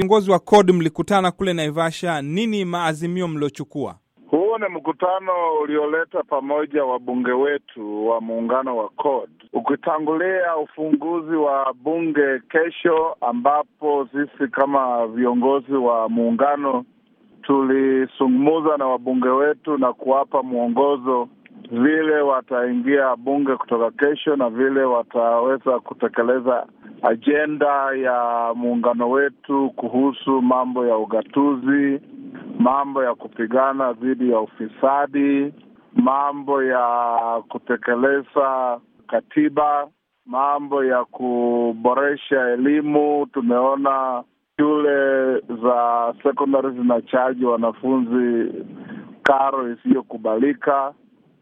Viongozi wa CORD mlikutana kule Naivasha, nini maazimio mliochukua? Huu ni mkutano ulioleta pamoja wabunge wetu wa muungano wa CORD ukitangulia ufunguzi wa bunge kesho, ambapo sisi kama viongozi wa muungano tulisungumuza na wabunge wetu na kuwapa mwongozo vile wataingia bunge kutoka kesho na vile wataweza kutekeleza ajenda ya muungano wetu kuhusu mambo ya ugatuzi, mambo ya kupigana dhidi ya ufisadi, mambo ya kutekeleza katiba, mambo ya kuboresha elimu. Tumeona shule za sekondari zinachaji wanafunzi karo isiyokubalika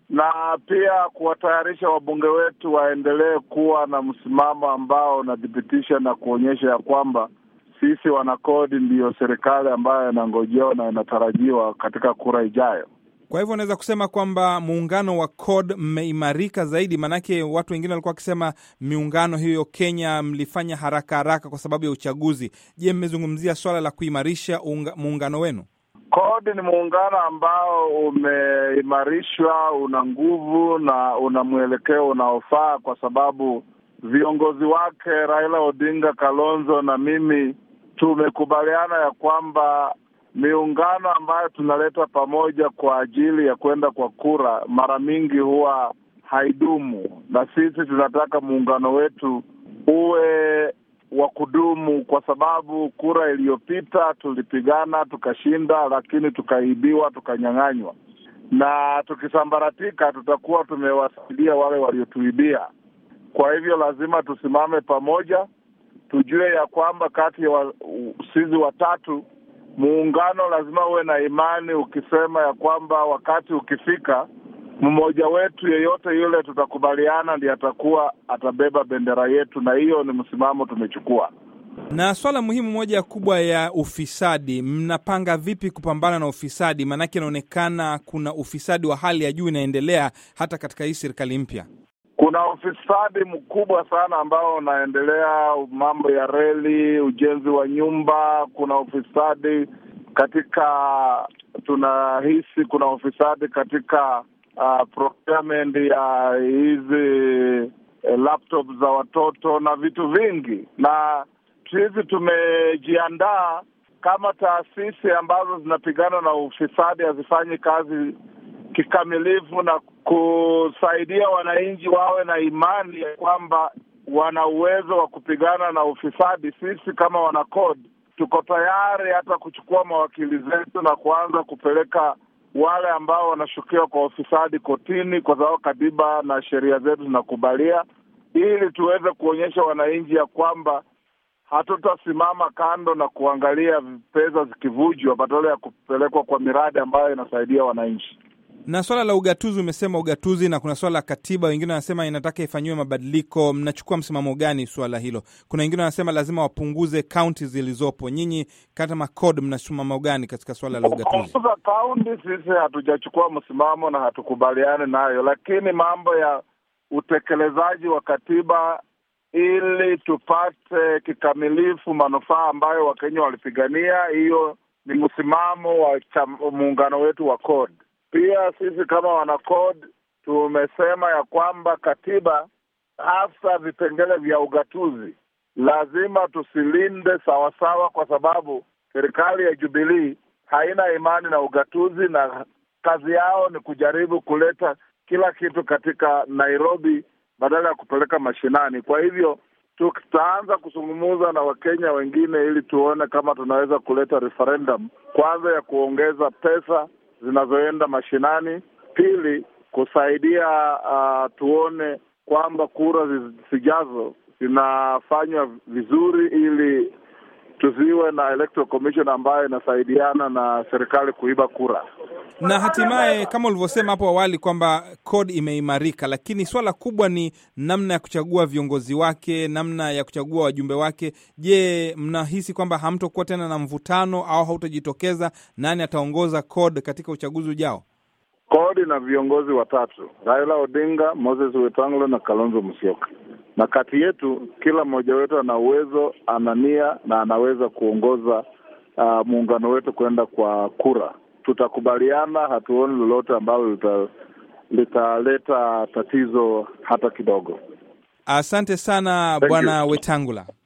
na pia kuwatayarisha wabunge wetu waendelee kuwa na msimamo ambao unathibitisha na kuonyesha ya kwamba sisi wanakodi ndiyo serikali ambayo inangojewa na inatarajiwa katika kura ijayo. Kwa hivyo unaweza kusema kwamba muungano wa CORD mmeimarika zaidi, maanake watu wengine walikuwa wakisema miungano hiyo Kenya mlifanya haraka haraka kwa sababu ya uchaguzi. Je, mmezungumzia swala la kuimarisha muungano wenu? CORD ni muungano ambao umeimarishwa, una nguvu na una mwelekeo unaofaa, kwa sababu viongozi wake Raila Odinga, Kalonzo na mimi tumekubaliana ya kwamba miungano ambayo tunaleta pamoja kwa ajili ya kwenda kwa kura mara mingi huwa haidumu, na sisi tunataka muungano wetu uwe wa kudumu, kwa sababu kura iliyopita tulipigana tukashinda, lakini tukaibiwa, tukanyang'anywa, na tukisambaratika tutakuwa tumewasaidia wale waliotuibia. Kwa hivyo lazima tusimame pamoja, tujue ya kwamba kati ya wa, sisi watatu muungano lazima uwe na imani, ukisema ya kwamba wakati ukifika mmoja wetu yeyote yule tutakubaliana, ndiye atakuwa atabeba bendera yetu, na hiyo ni msimamo tumechukua. Na swala muhimu moja kubwa ya ufisadi, mnapanga vipi kupambana na ufisadi? Maanake inaonekana kuna ufisadi wa hali ya juu inaendelea hata katika hii serikali mpya. Kuna ufisadi mkubwa sana ambao unaendelea, mambo ya reli, ujenzi wa nyumba. Kuna ufisadi katika, tunahisi kuna ufisadi katika uh, procurement ya hizi uh, eh, laptop za watoto na vitu vingi, na hizi tumejiandaa kama taasisi ambazo zinapigana na ufisadi hazifanyi kazi kikamilifu na kusaidia wananchi wawe na imani ya kwamba wana uwezo wa kupigana na ufisadi. Sisi kama wanakodi tuko tayari hata kuchukua mawakili zetu na kuanza kupeleka wale ambao wanashukiwa kwa ufisadi kotini, kwa sababu katiba na sheria zetu zinakubalia, ili tuweze kuonyesha wananchi ya kwamba hatutasimama kando na kuangalia pesa zikivujwa badala ya kupelekwa kwa miradi ambayo inasaidia wananchi. Na swala la ugatuzi, umesema ugatuzi, na kuna swala la katiba, wengine wanasema inataka ifanyiwe mabadiliko. Mnachukua msimamo gani swala hilo? Kuna wengine wanasema lazima wapunguze kaunti zilizopo. Nyinyi kama CORD mnasimamo gani katika swala la ugatuzi? kaunti, sisi hatujachukua msimamo na hatukubaliani nayo, lakini mambo ya utekelezaji wa katiba ili tupate kikamilifu manufaa ambayo Wakenya walipigania, hiyo ni msimamo wa muungano wetu wa CORD. Pia sisi kama wanacode tumesema ya kwamba katiba, hasa vipengele vya ugatuzi, lazima tusilinde sawasawa, kwa sababu serikali ya Jubilii haina imani na ugatuzi na kazi yao ni kujaribu kuleta kila kitu katika Nairobi badala ya kupeleka mashinani. Kwa hivyo tutaanza kuzungumuza na Wakenya wengine ili tuone kama tunaweza kuleta referendum kwanza ya kuongeza pesa zinazoenda mashinani. Pili, kusaidia uh, tuone kwamba kura zijazo zinafanywa vizuri ili tuziwe na electoral commission ambayo inasaidiana na serikali kuiba kura na hatimaye kama ulivyosema hapo awali kwamba kod imeimarika, lakini swala kubwa ni namna ya kuchagua viongozi wake, namna ya kuchagua wajumbe wake. Je, mnahisi kwamba hamtokuwa tena na mvutano au hautajitokeza nani ataongoza CORD katika uchaguzi ujao? kod na viongozi watatu, Raila Odinga, Moses Wetangula na Kalonzo Musyoka, na kati yetu kila mmoja wetu ana uwezo, ana nia na anaweza kuongoza uh, muungano wetu kwenda kwa kura tutakubaliana, hatuoni lolote ambalo litaleta tatizo hata kidogo. Asante sana Bwana Wetangula.